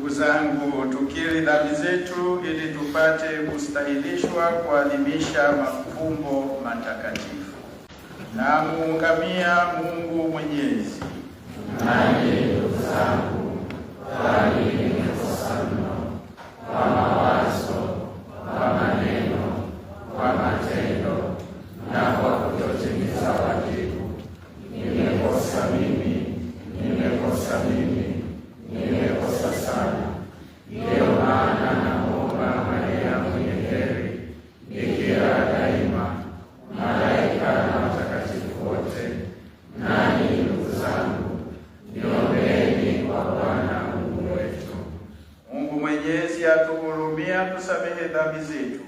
Ndugu zangu, tukiri dhambi zetu ili tupate kustahilishwa kuadhimisha mafumbo matakatifu. Namuungamia Mungu mwenye atusamehe dhambi zetu,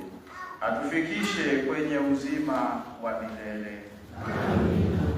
atufikishe kwenye uzima wa milele. Amen.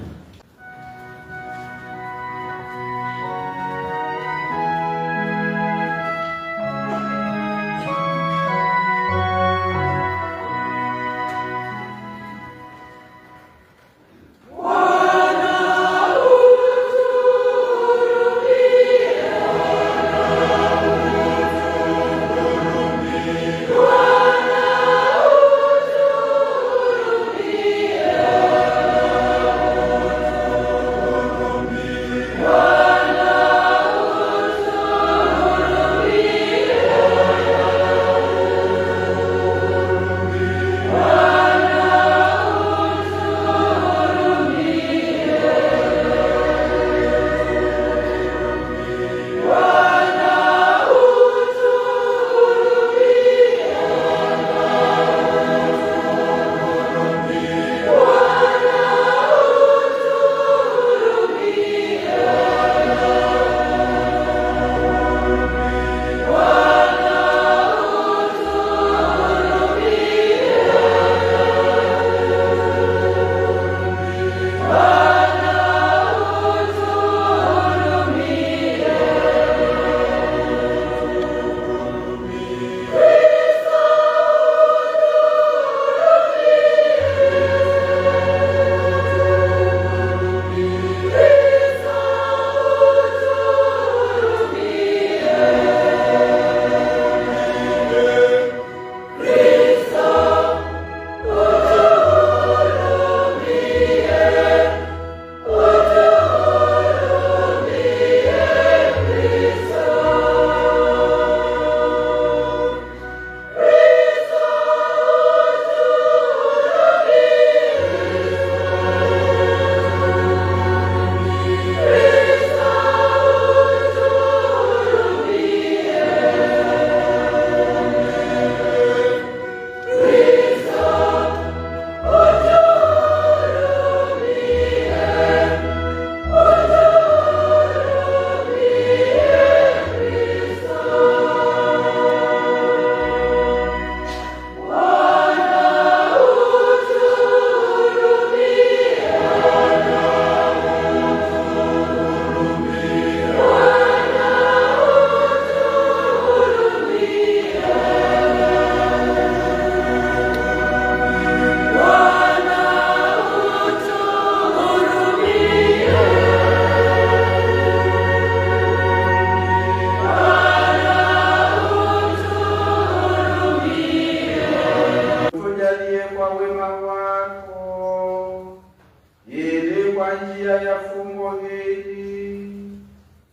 njia ya fungo hili.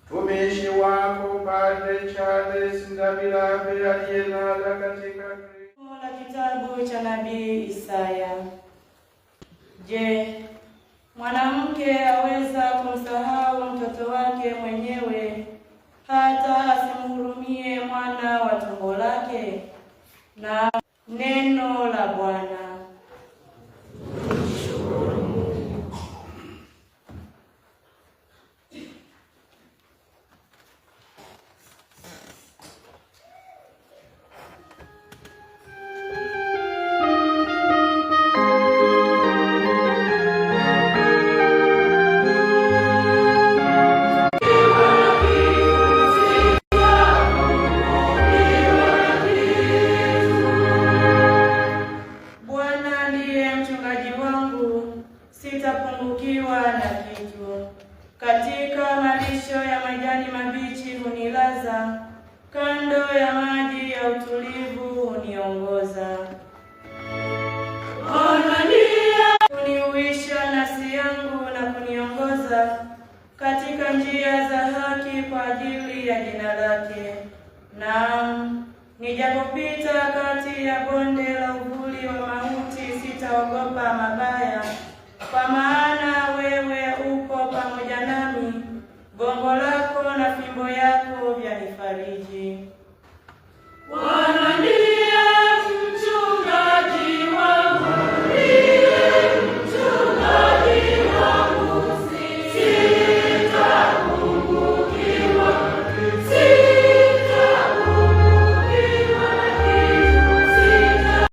Tumishi wako Padre Charles Ndabirabe aliyenada katika la kitabu cha nabii Isaya. Je, mwanamke aweza kumsahau katika malisho ya majani mabichi hunilaza, kando ya maji ya utulivu huniongoza, huniuisha nafsi yangu na kuniongoza katika njia za haki kwa ajili ya jina lake. Naam, nijapopita kati ya bonde lako na fimbo yako vyanifariji Bwana.